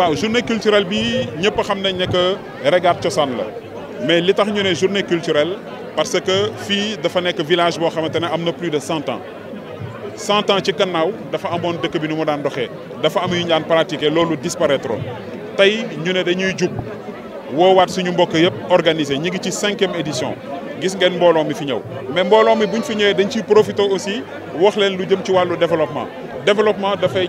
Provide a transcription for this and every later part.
la journée culturelle bi que Regard mais li une journée culturelle parce que fi village plus de 100 ans 100 ans ci gannaaw dafa amone qui bi nu mo daan qui dafa am yu ñaan pratiquer lolu disparaître Tay ñu né dañuy suñu mbokk organiser ñi ngi cinquième édition mais mi buñ fi dañ profiter aussi wax leen lu jëm ci développement développement fay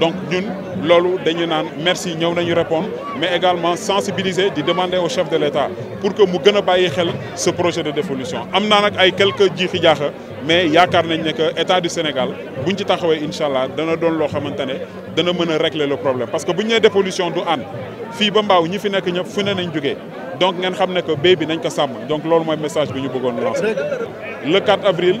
donc nous Lolo, merci répondre mais également sensibiliser de demander au chef de l'État pour que nous ce projet de dévolution Nous avons quelques jours, mais il que état du Sénégal buñ ci régler le problème parce que si dévolution nous avons donc nous donc message le 4 avril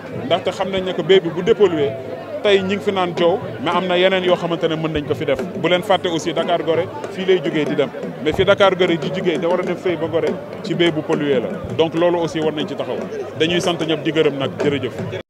ndaxte xam nañ ne que béy bi bu dépollué tey ñi ngi fi naan coow mais am na yeneen yoo xamante ne mën nañ ko fi def bu leen fàtte aussi Dakar Gorée fii lay jógee di dem mais fi Dakar Gorée di jógee da war a dem fay ba Gorée ci béy bu pollué la donc loolu aussi war nañ ci taxaw dañuy sant ñëpp di gërëm nag jërëjëf